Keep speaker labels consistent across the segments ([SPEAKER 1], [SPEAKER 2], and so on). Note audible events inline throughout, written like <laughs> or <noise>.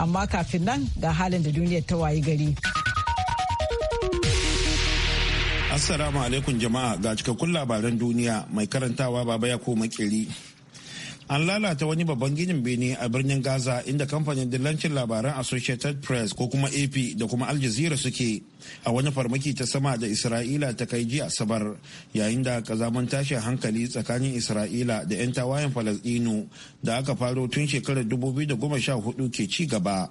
[SPEAKER 1] amma kafin nan ga halin da duniyar ta wayi gari.
[SPEAKER 2] Assalamu alaikum jama'a ga cikakkun labaran duniya mai karantawa baba ya ko makiri. an lalata wani babban ginin bene a birnin gaza inda kamfanin dillancin labaran associated press ko kuma ap da kuma al jazeera suke a wani farmaki ta sama da isra'ila ta kai ji asabar yayin da kazaman tashin hankali tsakanin isra'ila da 'yan tawayen falasdino da aka faro tun shekarar hudu ke ci gaba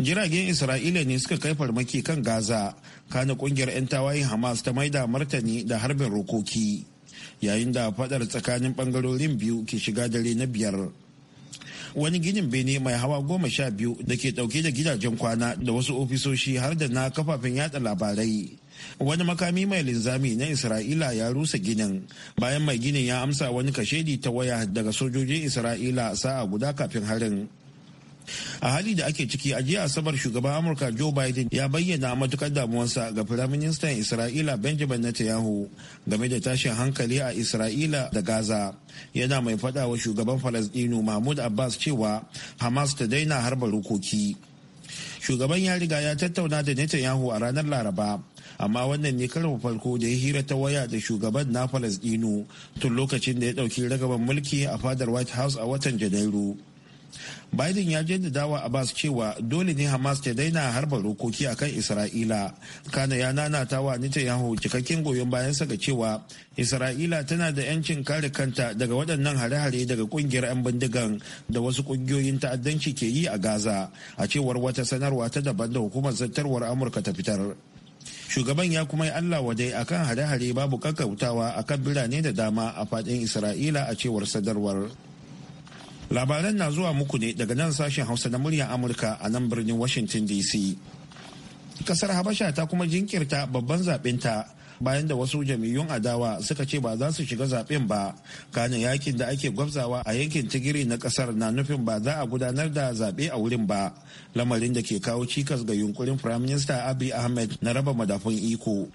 [SPEAKER 2] jiragen isra'ila ne suka kai farmaki kan gaza kana kungiyar 'yan tawayen hamas ta maida martani da harbin rokoki yayin da fadar tsakanin bangarorin biyu ke shiga dare na biyar wani ginin bene mai hawa goma sha biyu da ke dauke da gidajen kwana da wasu ofisoshi har da na kafafen yada labarai wani makami mai linzami na isra'ila ya rusa ginin bayan mai ginin ya amsa wani kashedi ta waya daga sojojin isra'ila sa'a guda kafin harin a hali da ake ciki a jiya asabar shugaban amurka joe biden ya bayyana matukar damuwarsa ga firaministan isra'ila benjamin netanyahu game da tashin hankali a isra'ila da gaza yana mai faɗa wa shugaban falasdino mahmud abbas cewa hamas ta daina harba rukoki shugaban ya riga ya tattauna da netanyahu a ranar laraba amma wannan ne karin farko da ya hira ta waya da shugaban na falasdino tun lokacin da ya ɗauki ragaban mulki a fadar white house a watan janairu biden ya dawa a bas cewa dole ne hamas ta daina harba rokoki akan isra'ila kana ya nanata wa netanyahu cikakken goyon sa ga cewa isra'ila tana da 'yancin kare kanta daga waɗannan hare-hare daga ƙungiyar 'yan bindigan da wasu ƙungiyoyin ta'addanci ke yi a gaza a cewar wata sanarwa ta daban da hukumar zartarwar amurka ta fitar shugaban ya kuma yi allah wadai akan hare-hare babu kakkautawa akan birane da dama a faɗin isra'ila a cewar sadarwar labaran na zuwa muku ne daga nan sashen hausa na muryar amurka a nan birnin washington dc kasar habasha ta kuma jinkirta babban zaɓinta. bayan da wasu jam'iyyun adawa suka ce ba za su shiga zaɓen ba kanin yakin da ake gwabzawa a yankin tigiri na ƙasar na nufin ba za a gudanar da zaɓe a wurin ba lamarin da ke kawo cikas ga yunkurin prime minister abiy ahmed na raba madafun iko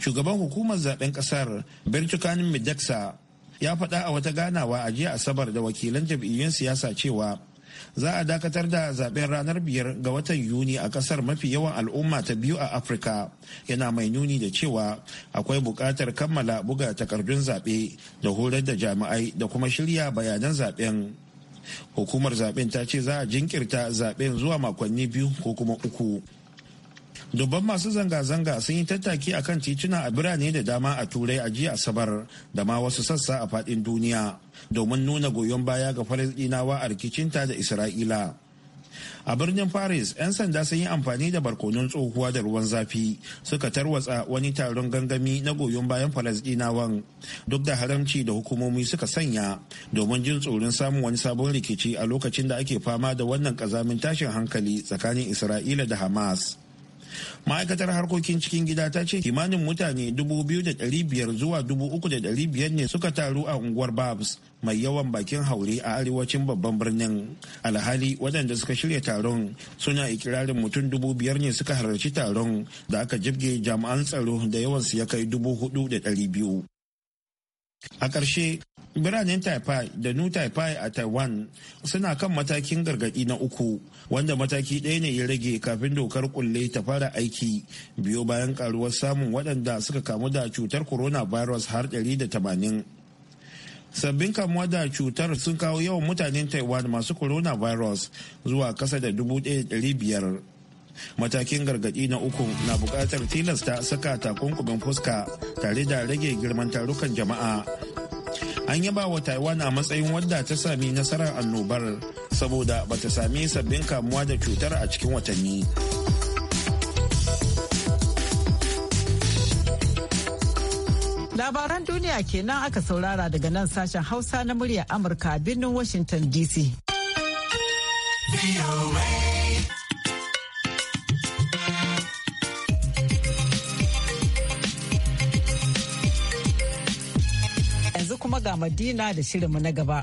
[SPEAKER 2] shugaban hukumar zaɓen ƙasar birtukanin midexa ya faɗa a wata ganawa a jiya asabar da wakilan jam'iyyun siyasa cewa za a dakatar da zaben ranar biyar ga watan yuni a kasar mafi yawan al'umma ta biyu a afirka yana mai nuni da cewa akwai buƙatar kammala buga takardun zaɓe da horar da jami'ai da kuma shirya bayanan zaɓen hukumar zaɓen ta ce za a jinkirta zaɓen zuwa makonni biyu ko kuma uku dubban masu zanga-zanga sun yi tattaki a kan tituna a birane da dama a turai a jiya asabar da ma wasu sassa a fadin duniya domin nuna goyon baya ga falasɗinawa a rikicinta da isra'ila a birnin paris 'yan sanda sun yi amfani da barkonon tsohuwa da ruwan zafi suka tarwatsa wani taron gangami na goyon bayan falasdinawan duk da haramci da hukumomi suka sanya domin jin tsoron samun wani sabon rikici a lokacin da ake fama da wannan kazamin tashin hankali tsakanin isra'ila da hamas ma'aikatar harkokin cikin gida ta ce kimanin mutane 2,500 zuwa 3,500 ne suka taru a unguwar babs mai yawan bakin haure a arewacin babban birnin alhali wadanda suka shirya taron suna ikirarin mutum dubu biyar ne suka halarci taron da aka jibge jami'an tsaro da yawansu ya kai dubu hudu da dari biyu a ƙarshe biranen taipei da new taipei a taiwan suna kan matakin gargadi na uku wanda mataki ɗaya ne ya rage kafin dokar kulle ta fara aiki biyo bayan karuwar samun waɗanda suka kamu da cutar coronavirus har 180 sabbin kamuwa da cutar sun kawo yawan mutanen taiwan masu coronavirus zuwa kasa da 1,500 matakin gargadi na uku na bukatar tilasta saka takunkumin fuska tare da rage girman tarukan jama'a an yaba wa taiwan a matsayin wadda ta sami nasarar annobar saboda bata sami sabbin kamuwa da cutar a cikin watanni labaran
[SPEAKER 1] duniya kenan aka saurara daga nan sashen hausa na murya amurka birnin washington dc ga Madina da shirinmu na gaba.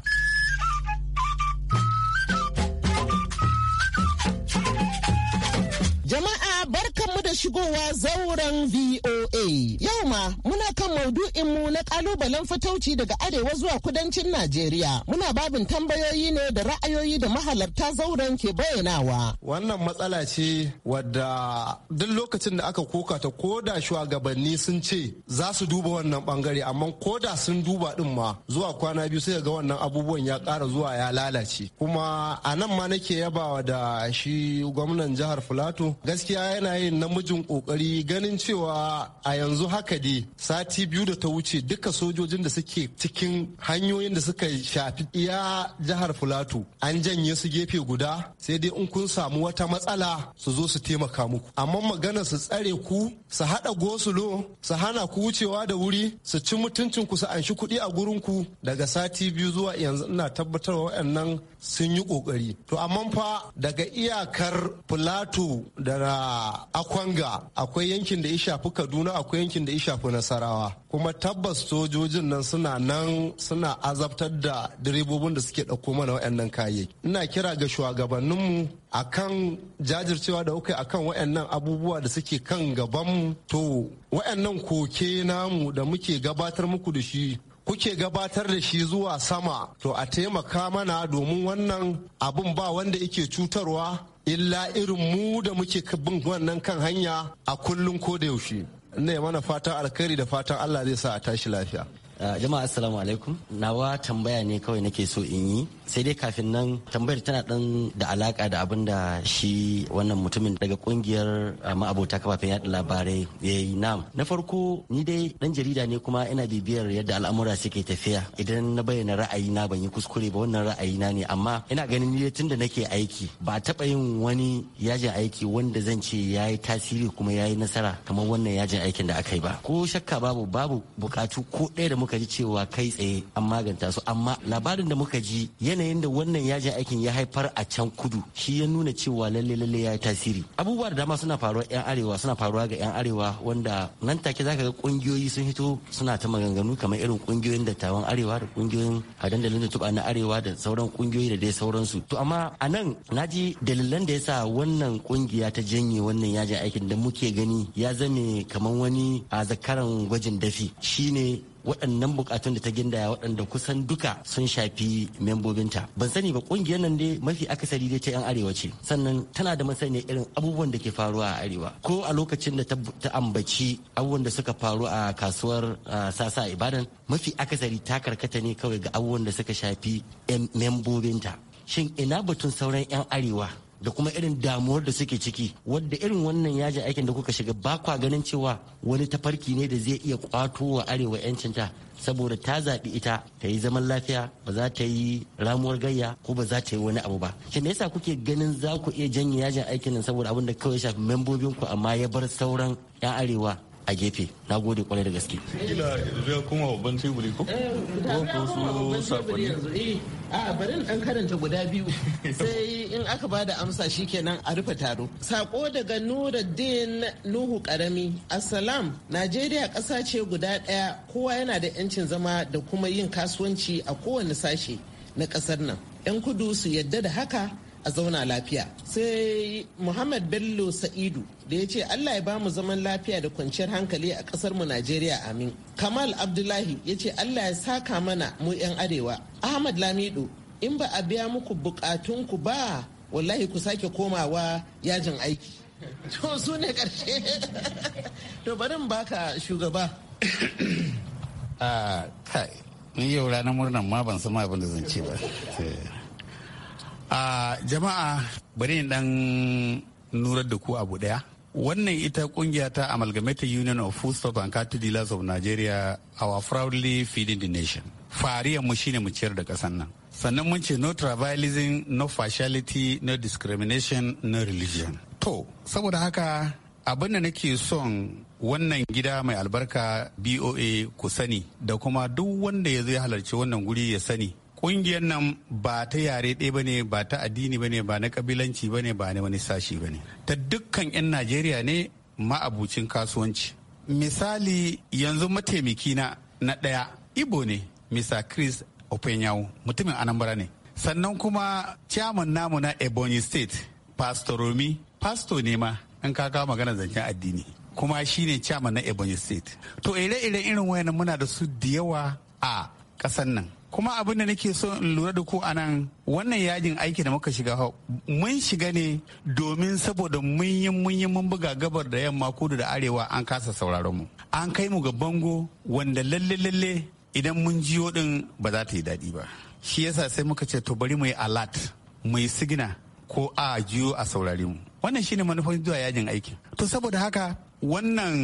[SPEAKER 3] Jama'a barkanmu da shigowa zauren VOA. Yau ma muna kan maudu'in mu na kalubalen fitauci daga arewa zuwa kudancin Najeriya. Muna babin tambayoyi ne da ra'ayoyi da mahalarta zauren ke bayyanawa.
[SPEAKER 4] Wannan matsala ce wadda duk lokacin da aka koka ta da shugabanni sun ce za su duba wannan bangare amma ko da sun duba din ma zuwa kwana biyu sai ga wannan abubuwan ya kara zuwa ya lalace. Kuma a nan ma nake yabawa da shi gwamnan jihar Filato gaskiya yana yin namijin kokari ganin cewa a yanzu haka dai sati sati biyu da ta wuce duka sojojin da suke cikin hanyoyin da suka shafi iya jihar Filato an janye su gefe guda sai dai in kun samu wata matsala su zo su taimaka muku. Amma magana su tsare ku su haɗa gosulo su hana ku wucewa da wuri su ci mutuncin ku su anshi kuɗi a gurin ku daga sati biyu zuwa yanzu ina tabbatar waɗannan sun yi kokari to amma fa daga iyakar Filato da akwanga akwai yankin da ya shafi kaduna akwai yankin da ya shafi nasarawa kuma tabbas sojojin nan suna nan suna azabtar da direbobin da suke ɗauko mana waɗannan kayayyaki ina kira ga shugabanninmu akan jajircewa da kuka akan waɗannan abubuwa da suke kan gabanmu to waɗannan koke namu da muke gabatar muku da shi kuke gabatar da shi zuwa sama to a taimaka mana domin wannan abun ba wanda yake cutarwa illa irin mu da muke bin wannan kan hanya a kullum ko da yaushe
[SPEAKER 5] ne mana fatan alkhairi da fatan Allah zai sa a tashi lafiya Ah, jama'a assalamu alaikum nawa tambaya ne kawai nake so in yi sai dai kafin nan tambayar tana dan da alaka da abin da shi wannan mutumin daga kungiyar ah, ma'abota kafafen yada labarai ya yi nam na farko ni dai dan jarida ne kuma ina bibiyar yadda al'amura suke tafiya idan na bayyana ra'ayi na ban yi kuskure ba wannan ra'ayi na ne amma ina ganin ni tun da nake aiki ba taba yin wani yajin aiki wanda zan ce ya yi tasiri kuma ya yi nasara kamar wannan yajin aikin da aka yi ba ko shakka babu babu bukatu ko ɗaya da muka muka ji cewa kai tsaye an maganta su amma labarin da muka ji yanayin da wannan yajin aikin ya haifar a can kudu shi ya nuna cewa lalle lalle ya yi tasiri abubuwa da dama suna faruwa yan arewa suna faruwa ga yan arewa wanda nan take zaka ga kungiyoyi sun hito suna ta maganganu kamar irin kungiyoyin dattawan arewa da kungiyoyin hadan da tuba na arewa da sauran kungiyoyi da dai sauransu to amma a nan ji dalilan da yasa wannan kungiya ta janye wannan yajin aikin da muke gani ya zame kamar wani a zakaran gwajin dafi shine waɗannan bukatun da ta gindaya waɗanda kusan duka sun shafi membobinta ban sani ba ƙungiyar nan dai mafi akasari dai ta yan arewa ce sannan tana da masani irin abubuwan da ke faruwa a arewa ko a lokacin da ta ambaci abubuwan da suka faru a kasuwar sasa ibadan mafi akasari ta karkata ne kawai ga abubuwan da suka shafi membobinta shin ina batun sauran yan arewa da kuma irin damuwar da suke ciki wadda irin wannan yajin aikin da kuka shiga ba kwa ganin cewa wani tafarki ne da zai iya kwato wa arewa yancinta saboda ta zaɓi ita ta yi zaman lafiya ba za ta yi ramuwar gayya ko ba za ta yi wani abu ba shi ne yasa kuke ganin za ku iya janye yajin aikin nan saboda abin da kawai shafi membobinku amma ya bar sauran 'yan arewa a gefe na gode kwarai da gaske
[SPEAKER 3] kila ya kuma babban teburi ko eh, ko su sakonni eh, a bari dan karanta guda biyu <laughs> sai in aka ba da amsa shikenan a rufe taro sako daga nuruddin nuhu karami assalam najeriya ƙasa ce guda ɗaya kowa yana da 'yancin zama da kuma yin kasuwanci a kowane sashe na ƙasar nan 'yan kudu su yadda da haka a zauna lafiya sai muhammad bello sa'idu da ya ce allah ya ba mu zaman lafiya da kwanciyar hankali a kasar mu najeriya amin kamal abdullahi ya ce allah ya saka mana mu 'yan arewa ahmad lamido in ba a biya muku bukatunku ba wallahi ku sake komawa yajin aiki <laughs> to su ne karshe <laughs> to bari baka shugaba <coughs>
[SPEAKER 6] a ah, kai ni yau ranar murnar ma ban san abin da zan ce ba <laughs> eh. a jama'a bari ni dan nurar da ku abu daya wannan ita kungiya ta amalgamated union of foodstuff and cattle dealers of nigeria our proudly feeding the nation fariyar mu shine mu ciyar da kasan nan sannan mun ce no tribalism no partiality no discrimination no religion to saboda haka abin da nake son wannan gida mai albarka boa ku sani da kuma duk wanda ya zo ya halarci wannan guri ya sani ƙungiyar nan ba ta yare ɗaya ba ne ba ta addini ba ne ba na ƙabilanci ba ne ba na wani sashi ba ne ta dukkan 'yan najeriya ne ma'abucin kasuwanci misali yanzu mataimaki na na ɗaya ibo ne mr chris openyawo mutumin anambra ne sannan kuma chairman namu na ebonyi state pastor romi pastor ne ma in ka kawo magana zancen addini kuma shi ne chairman na ebonyi state to ire-iren irin wayannan muna da su da yawa a ƙasan nan kuma abin da nake so in lura da ku anan wannan yajin aiki da muka shiga mun shiga ne domin saboda mun yi mun yi mun buga gabar da yamma ko da arewa an kasa sauraron mu an kai mu ga bango wanda lalle lalle idan mun jiyo din ba za ta yi daɗi ba shi yasa sai muka ce to bari mu yi alert mu yi sigina ko a jiyo a saurare mu wannan shine manufar zuwa yajin aiki to saboda haka wannan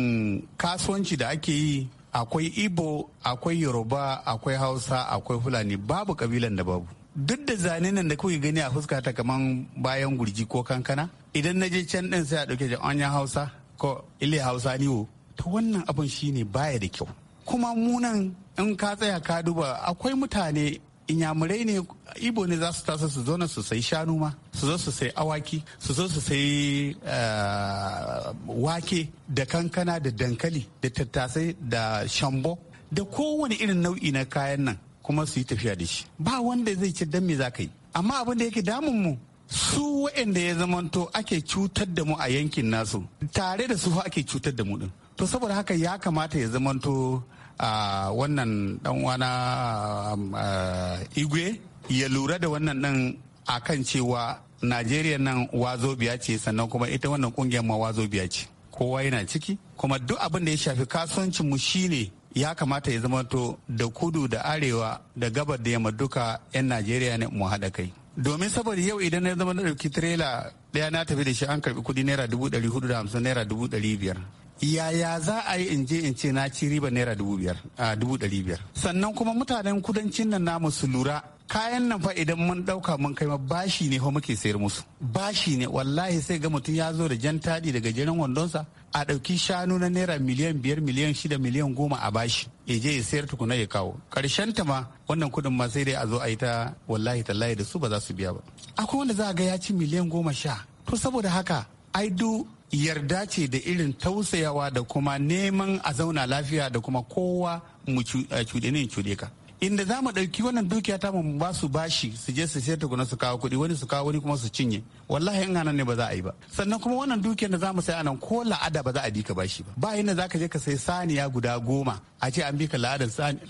[SPEAKER 6] kasuwanci da ake yi akwai ibo akwai yoruba akwai hausa akwai fulani babu kabilan da babu duk da zane nan da kuke gani a fuska ta kaman bayan gurji ko kankana idan na je can din sai a dauke da anya hausa ko ile hausa niwo to wannan abin shine baya da kyau kuma nan in ka tsaya ka duba akwai mutane inyamurai ne ibo ne za su tasa su zo su sai shanu ma su zo su sai awaki su zo su sai eh, wake da kankana da dankali da tattasai da shambo da kowane irin nau'i na kayan nan kuma su yi tafiya da shi ba wanda zai ci dan me za ka yi amma abin da yake damun mu su waɗanda ya zamanto ake cutar da mu a yankin nasu tare da su ake cutar da mu din to saboda haka ya kamata ya zamanto wannan dan wana um, uh, igwe ya lura da wannan a kan cewa najeriya nan wazobiya ce sannan kuma ita wannan kungiyar ma wazobiya ce kowa yana ciki kuma duk abin da ya shafi kasuwancin mu shine ya kamata ya zama to da kudu da arewa da gabar da yamma duka 'yan najeriya ne mu haɗa kai domin saboda yau idan na zama na ɗauki tirela ɗaya na tafi da shi an karɓi kuɗi naira dubu ɗari hudu da hamsin naira dubu ɗari biyar yaya za a yi in je in ce na ci riba naira dubu biyar a dubu ɗari biyar sannan kuma mutanen kudancin nan namu su lura kayan nan fa idan mun dauka mun kai ma bashi ne fa muke sayar musu bashi ne wallahi sai ga mutum ya zo da jan tadi daga jiran wandonsa a ɗauki shanu na naira miliyan biyar miliyan shida miliyan goma a bashi ya je ya sayar tukuna ya kawo karshen ta ma wannan kuɗin ma sai dai a zo a yi ta wallahi tallahi da su ba za su biya ba akwai wanda za ga ya ci miliyan goma sha to saboda haka ai du yarda ce da irin tausayawa da kuma neman a zauna lafiya da kuma kowa mu cuɗe ne cuɗe ka inda za mu ɗauki wannan dukiya ta mu ba su bashi su je su sayar tukuna su kawo kuɗi wani su kawo wani kuma su cinye wallahi in nan ne ba za a yi ba sannan kuma wannan dukiyar da za mu sai anan ko la'ada ba za a bi ka bashi ba ba yanda za ka je ka sai saniya guda goma a ce an bi ka la'adan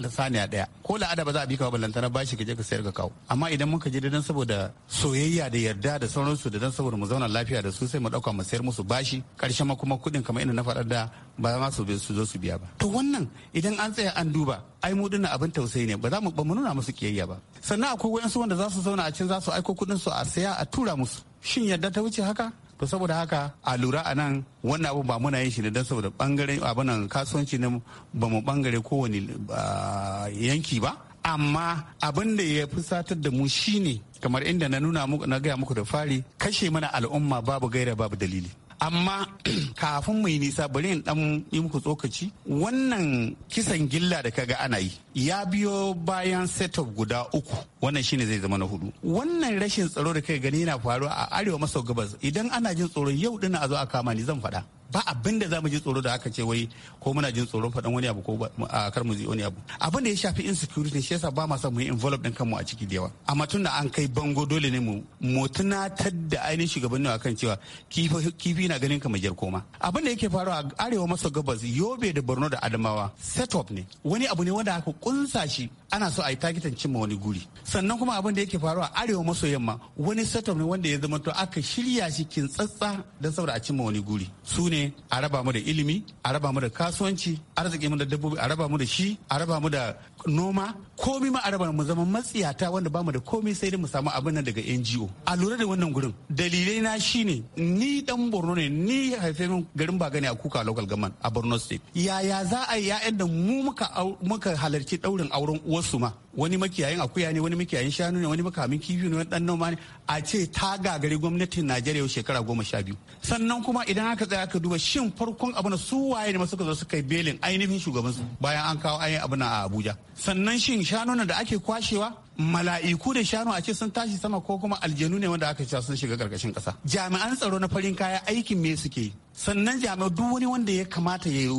[SPEAKER 6] saniya daya ko la'ada ba za a bi ka ba lantana bashi ka je ka sayar ka kawo amma idan muka je dan saboda soyayya da yarda da sauransu da dan saboda mu zauna lafiya da su sai mu dauka mu sayar musu bashi karshen ma kuma kuɗin kamar inda na faɗar da ba za su su zo su biya ba to wannan idan an tsaya an duba ai mu dinnan abin tausayi ne ba za mu ba mu nuna musu kiyayya ba sannan akwai wayansu wanda za su zauna a cin za su aiko kuɗin su a saya a tura musu shin yadda ta wuce haka to saboda haka a lura a nan wannan abu ba muna yin shi ne don saboda bangaren abunan kasuwanci ne ba mu bangare kowane ah, yanki ba amma abin da ya fi satar da mu shine kamar inda na nuna na gaya muku da fari kashe mana al'umma babu gaira babu dalili amma <clears throat> kafin mai nisa bari in dan yi muku tsokaci wannan kisan gilla da kaga ana yi ya biyo bayan set of guda uku wannan shine zai zama na hudu wannan rashin tsaro da kai gani yana faruwa a arewa maso gabas idan ana jin tsoro yau dina a zo a kama ni zan faɗa ba abin da zamu ji tsoro da aka ce wai ko muna jin tsoro faɗan wani abu ko a kar mu ji wani abu abin da ya shafi insecurity shi yasa ba ma son mu yi involve din kanmu a ciki da yawa amma tun da an kai bango dole ne mu mu tunatar da ainihin shugabanni kan cewa kifi na ganin ka mai koma abin da yake faruwa a arewa maso gabas yobe da borno da adamawa set up ne wani abu ne wanda aka kunsa shi ana so a yi takitan cimma wani guri sannan kuma abin da yake faruwa arewa maso yamma wani setup ne wanda ya zama to aka shirya shi kin tsatsa don saboda a cimma wani guri su ne a raba mu da ilimi a raba mu da kasuwanci arziki mu da dabbobi a raba mu da shi a raba mu da noma komi ma araba mu zama matsiyata wanda bamu da komi sai dai mu samu abin nan daga NGO a lura da wannan gurin dalilai na shine ni dan Borno ne ni haife min garin Bagani a Kuka local government a Borno state yaya za a yi ya'yan da mu muka muka halarci daurin auren uwarsu ma wani makiyayin akuya ne wani makiyayin shanu ne wani makamin kifi ne wani dan noma ne a ce ta gagari gwamnatin najeriya shekara goma sha biyu sannan kuma idan aka tsaya aka duba shin farkon abu na su waye ne suka zo suka yi belin ainihin shugaban su bayan an kawo ainihin abu na abuja sannan shin na da ake kwashewa mala'iku da shanu a ce sun tashi sama ko kuma aljanu ne wanda aka ce sun shiga karkashin kasa jami'an tsaro na farin kaya aikin me suke sannan jami'an duk wani wanda ya kamata ya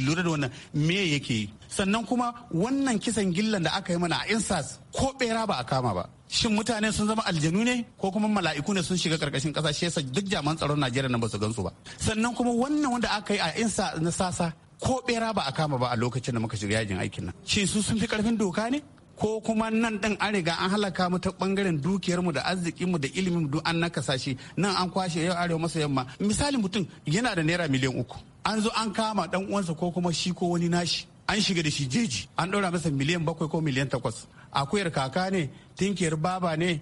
[SPEAKER 6] lura da wannan me yake sannan kuma wannan kisan gillan da aka yi mana a insas ko bera ba a kama ba shin mutane sun zama aljanu ne ko kuma mala'iku ne sun shiga karkashin kasa shi yasa duk jaman tsaron najeriya nan ba su gansu ba sannan kuma wannan wanda aka yi a insa na sasa ko bera ba a kama ba a lokacin da muka shiga yajin aikin nan shin su sun fi karfin doka ne ko kuma nan ɗin an riga an halaka mu ta bangaren dukiyarmu da arzikinmu da ilimin duk an na shi nan an kwashe yau arewa masa yamma misali mutum yana da naira miliyan uku an zo an kama dan uwansa ko kuma shi ko wani nashi an shiga da shi jeji an ɗora masa miliyan bakwai ko miliyan takwas akuyar kaka ne tinkiyar baba ne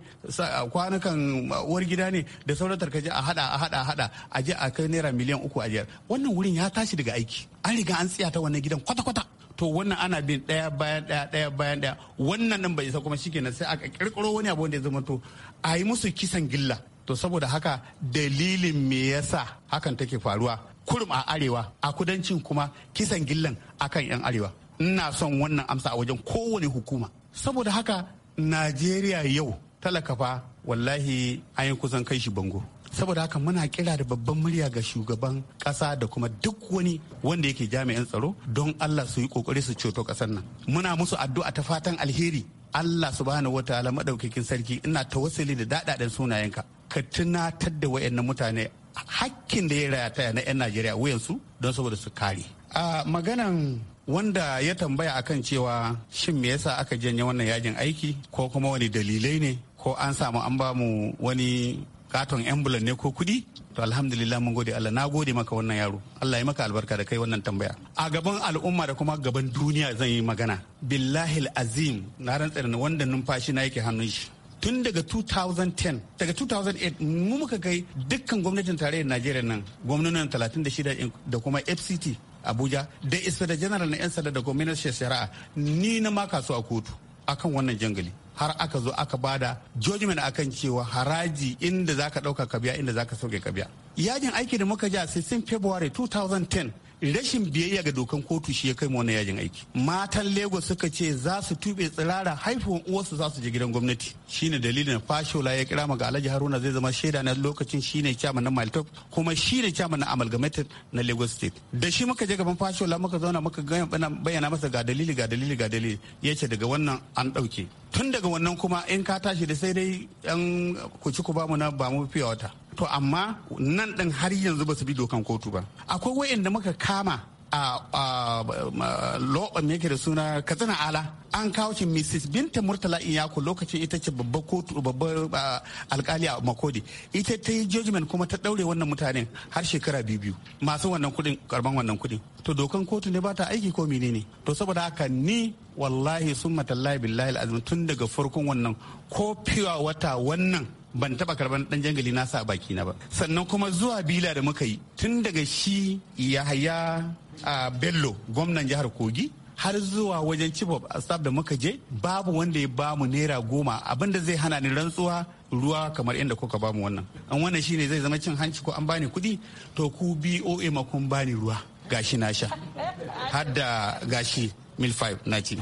[SPEAKER 6] kwanukan uwar gida ne da sauran tarkaji a hada a hada a hada a je a kai naira miliyan uku a jiyar wannan wurin ya tashi daga aiki an riga an tsiya ta wannan gidan kwata-kwata to wannan ana bin daya bayan daya daya bayan daya wannan nan bai isa kuma shikenan sai aka kirkiro wani abu wanda ya zama to a yi musu kisan gilla to saboda haka dalilin me yasa hakan take faruwa kurum a arewa a kudancin kuma kisan gillan akan 'yan arewa ina son wannan amsa a wajen kowane hukuma saboda haka najeriya yau talaka fa wallahi an yi kusan kai shi bango saboda haka muna kira da babban murya ga shugaban kasa da kuma duk wani wanda yake jami'an tsaro don allah su yi kokari su ceto kasar nan muna musu addu'a ta fatan alheri allah subhanahu wataala madaukakin sarki ina tawassuli da dadaden sunayenka ka tunatar da wayannan mutane hakkin da ya rataya na 'yan najeriya wuyansu don saboda su kare a maganan wanda ya tambaya akan cewa shin me yasa aka janye wannan yajin aiki ko kuma wani dalilai ne ko an samu an ba mu wani katon ambulan ne ko kudi to alhamdulillah mun gode Allah na gode maka wannan yaro Allah ya maka albarka da kai wannan tambaya a gaban al'umma da kuma gaban duniya zan yi magana billahi azim na rantsar wanda numfashi na yake hannun shi tun daga 2010 daga 2008 mu muka kai dukkan gwamnatin tarayyar najeriya nan gwamnonin 36 da kuma fct abuja da isa da General na 'yan sanda da gwamnatin shari'a ni na maka su a kotu akan wannan jangali har aka zo aka bada judgment akan cewa haraji inda zaka dauka ka inda zaka sauke kabiya yajin aiki da muka ja 16 february 2010 rashin biyayya ga dokan kotu shi ya kai mu wannan yajin aiki matan lagos suka ce za su tube tsirara haifuwan uwarsu za su je gidan gwamnati shine dalilin fashola ya kira ga alhaji haruna zai zama shaida na lokacin shine chairman na maltop kuma shine chairman na amalgamated na lagos state da shi muka je gaban fashola muka zauna muka bayyana masa ga dalili ga dalili ga dalili ya ce daga wannan an ɗauke tun daga wannan kuma in ka tashi da sai dai yan kuci ku bamu na ba mu fiye wata to amma nan ɗin har yanzu ba su bi dokan kotu ba akwai wayanda muka kama a loɓan yake da suna katsina ala an kawo shi mrs binta murtala iyaku lokacin ita ce babbar kotu babbar alkali a makodi ita ta yi judgment kuma ta ɗaure wannan mutanen har shekara biyu biyu masu wannan kuɗin karban wannan kuɗin to dokan kotu ne ba ta aiki ko menene to saboda haka ni wallahi sun matallahi billahi azumi tun daga farkon wannan ko fiwa wata wannan ban taba karban dan jangali na sa baki na ba sannan kuma zuwa bila da muka yi tun daga shi yahaya a bello gwamnan jihar kogi har zuwa wajen cibab asab da muka je babu wanda ya bamu naira goma abinda zai hana ni rantsuwa ruwa kamar inda kuka bamu wannan an wannan shine zai zama cin hanci ko an bani kuɗi to ku boa ma kun bani ruwa gashi na sha har da gashi mil 5 na ci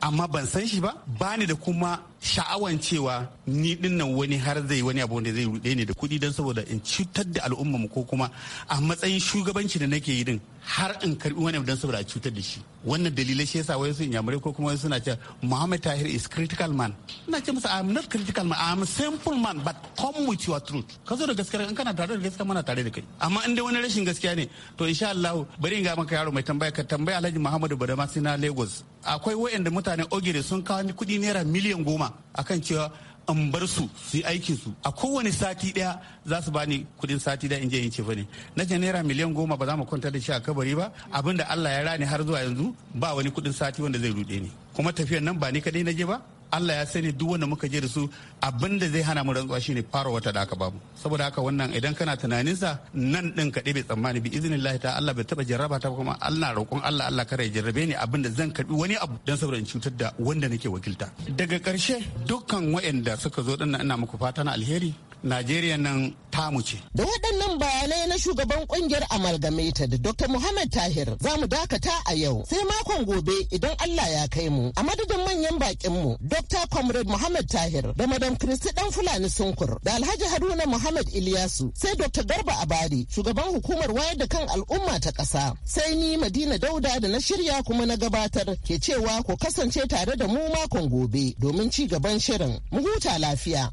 [SPEAKER 6] amma ban san shi ba bani da kuma sha'awan cewa ni dinnan wani har zai wani abu wanda zai rude ni da kuɗi don saboda in cutar da al'umma mu ko kuma a matsayin shugabanci da nake yi din har in karbi wani don saboda a cutar da shi wannan dalilai shi yasa wasu inyamurai ko kuma wasu suna cewa Muhammad Tahir is critical man ina ce masa I'm not critical man I'm simple man but come with your truth ka zo da gaskiya in kana tare da gaskiya muna tare da kai amma in dai wani rashin gaskiya ne to insha Allah bari in ga maka yaro mai tambaya ka tambaya Alhaji Muhammadu Badama na Lagos akwai wayanda mutane ogire sun kawo kuɗi naira miliyan goma a akan cewa in bar su su yi aikin su a kowane sati daya za su bani kudin sati daya in je in ce na ce naira miliyan goma ba za mu kwanta da shi a kabari ba abinda Allah ya rani har zuwa yanzu ba wani kudin sati wanda zai rude ni kuma tafiyar nan ba ni kadai na je ba Allah ya sani duk wanda muka je da su abin da zai hana mu rantsuwa shine fara wata da aka babu saboda haka wannan idan kana tunanin sa nan din ka bai tsammani bi Allah ta Allah bai taba jarraba ta kuma Allah roƙon Allah Allah kare ya jarrabe ni abin da zan karbi wani abu dan saboda in cutar da wanda nake wakilta daga karshe dukkan waɗanda suka zo dinnan ina muku fata na alheri Najeriya nan tamu ce.
[SPEAKER 3] Da waɗannan bayanai na shugaban ƙungiyar da Dr. Muhammad Tahir za mu dakata a yau sai makon gobe idan Allah ya kai mu. A madadin manyan baƙinmu Dr. Comrade Muhammad Tahir da Madam Kristi Dan Fulani Sunkur da Alhaji Haruna Muhammad Ilyasu sai Dr. Garba Abadi shugaban hukumar wayar da kan al'umma ta ƙasa sai ni Madina Dauda da na shirya kuma na gabatar ke cewa ku kasance tare da mu makon gobe domin ci gaban shirin. Mu huta lafiya.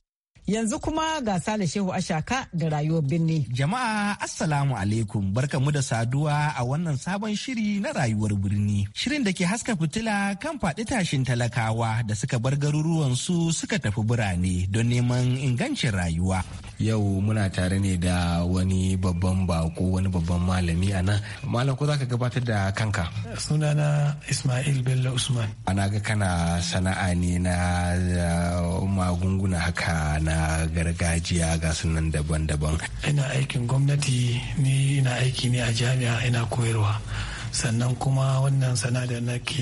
[SPEAKER 7] Yanzu kuma ga Sale Shehu Ashaka da rayuwar birni. Jama'a Assalamu alaikum barkamu da saduwa a wannan sabon shiri na rayuwar birni. Shirin da ke haska fitila kan faɗi tashin talakawa da suka bar garuruwan su suka tafi birane don neman ingancin rayuwa. Yau muna tare ne da wani babban bako wani babban malami a nan. Malam ko za gabatar da kanka?
[SPEAKER 8] Sunana Ismail Bello Usman.
[SPEAKER 7] Ana ga kana sana'a ne na eh, magunguna haka na gargajiya ga sunan daban-daban
[SPEAKER 8] ina aikin gwamnati ni ina aiki ne a jami'a ina koyarwa sannan kuma wannan sana da nake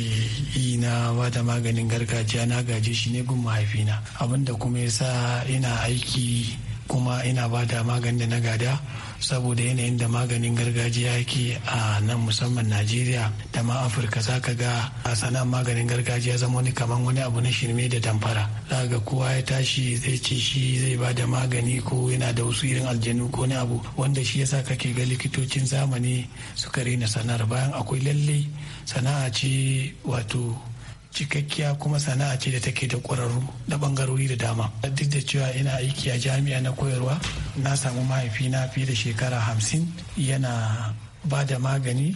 [SPEAKER 8] yi na ba da maganin gargajiya na gaje shi ne gun mahaifina abinda kuma yasa ina aiki kuma ina ba da maganin da na gada saboda yanayin da maganin gargajiya yake a nan musamman najeriya da ma afirka za ka ga a sana'ar maganin gargajiya zama wani kamar wani abu na shirme da damfara za ga kowa ya tashi zai ce shi zai ba da magani ko yana da wasu irin aljanu ko wani abu wanda shi yasa kake ga likitocin zamani suka rena sana'ar bayan akwai lalle sana'a ce wato cikakkiya kuma sana'a ce da take da ƙwararru da ɓangarori da dama duk da cewa ina aiki a jami'a na koyarwa na samu mahaifina fiye da shekara hamsin yana ba da magani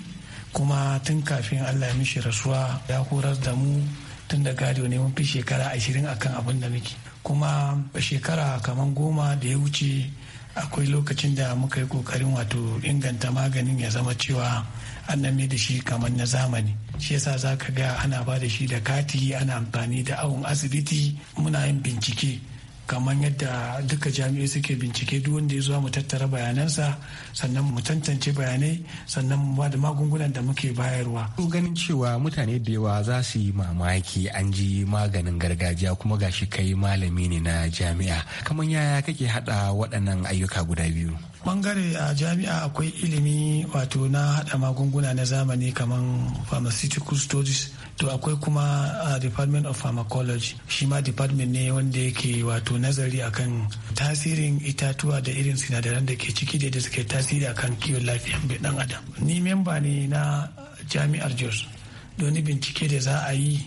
[SPEAKER 8] kuma tun kafin allah ya mishi rasuwa ya horar da mu tun da gado ne mun fi shekara ashirin akan abin da muke kuma shekara kamar goma da ya wuce akwai lokacin da muka yi kokarin wato inganta maganin ya zama cewa an da shi kamar na zamani shi yasa za ka ga ana ba da shi da kati ana amfani da awon asibiti muna yin bincike kamar yadda duka jami'ai suke bincike duk wanda ya zuwa mu tattara bayanansa sannan mu tantance bayanai sannan mu ba da magungunan da muke bayarwa.
[SPEAKER 7] Ko ganin cewa mutane da yawa za su yi mamaki an ji maganin gargajiya kuma gashi kai malami ne na jami'a. Kamar yaya kake haɗa waɗannan ayyuka guda biyu?
[SPEAKER 8] bangare a jami'a akwai ilimi wato na hada magunguna na zamani kamar pharmaceutical studies to akwai kuma a department of pharmacology shi ma department ne wanda yake wato nazari akan tasirin itatuwa da irin sinadaran da ke ciki da suke tasiri akan kiwon lafiyan bai dan adam ni memba ne na jami'ar jos doni bincike da za a yi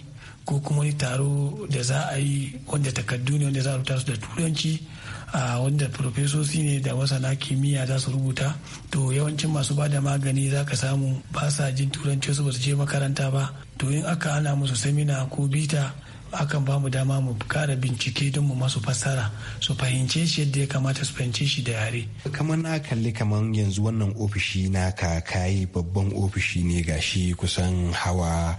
[SPEAKER 8] ko kuma wani taro da za a yi wanda takardu ne wanda za a rubuta su da turanci wanda farfesoshi ne da masana kimiyya za su rubuta to yawancin masu ba da magani za ka samu ba sa jin turanci su ba su je makaranta ba to in aka ana musu samina ko bita akan ba mu dama mu kara bincike don mu masu fassara su fahimce shi yadda ya kamata su fahimce shi da yare. kamar
[SPEAKER 7] na kalli kamar yanzu wannan ofishi naka kayi babban ofishi ne gashi kusan hawa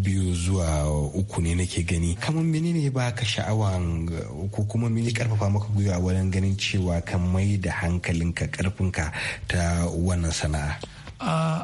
[SPEAKER 7] biyu zuwa uku ne nake gani kamar menene ba ka sha'awan ko kuma mene karfafa maka gwiwa wajen ganin cewa ka mai da hankalinka karfinka ta wannan sana'a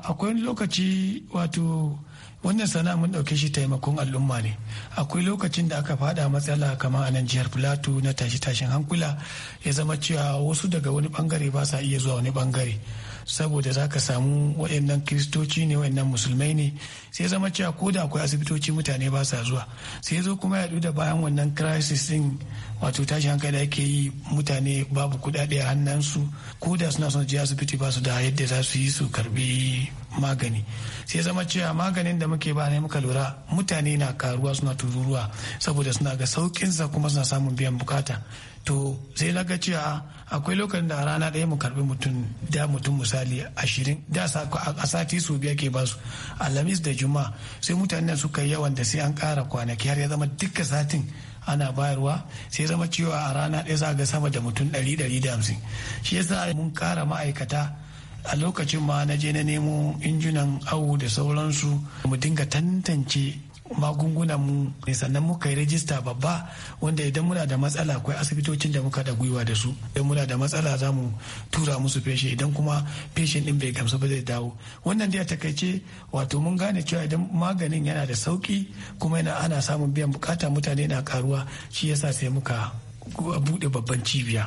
[SPEAKER 8] akwai lokaci wato wannan sana'a mun ɗauke shi taimakon al'umma ne akwai lokacin da aka fada matsala kamar a nan jihar plateau na tashi tashin hankula ya zama cewa wasu daga wani bangare ba sa iya zuwa wani bangare saboda za ka samu waɗannan kiristoci ne waɗannan musulmai ne sai zama cewa ko da akwai asibitoci mutane ba sa zuwa sai zo kuma yaɗu da bayan wannan crisis din wato tashi hankali ake yi mutane babu kuɗaɗe a hannunsu ko da suna son je asibiti ba su da yadda za su yi su karbi magani sai zama cewa maganin da muke ba ne muka lura mutane na karuwa suna tururuwa saboda suna ga saukinsa kuma suna samun biyan bukata to sai na ga cewa akwai lokacin da rana ɗaya mu karbi mutum da mutum misali ashirin da a sati su biya ke basu alhamis da juma sai mutanen suka yi yawan da sai an kara kwanaki har ya zama duka satin ana bayarwa sai zama cewa a rana ɗaya za ga sama da mutum ɗari ɗari da hamsin shi ya sa mun ƙara ma'aikata a lokacin ma na je na nemo injunan awo da sauransu mu dinga tantance magungunan mu sannan muka yi rajista babba wanda idan muna da matsala akwai asibitocin da muka da gwiwa da su idan muna da matsala za mu tura musu feshe idan kuma feshin din bai gamsu ba zai dawo wannan dai a takaice wato mun gane cewa idan maganin yana da sauki kuma yana ana samun biyan bukata mutane na karuwa shi yasa sai muka bude babban cibiya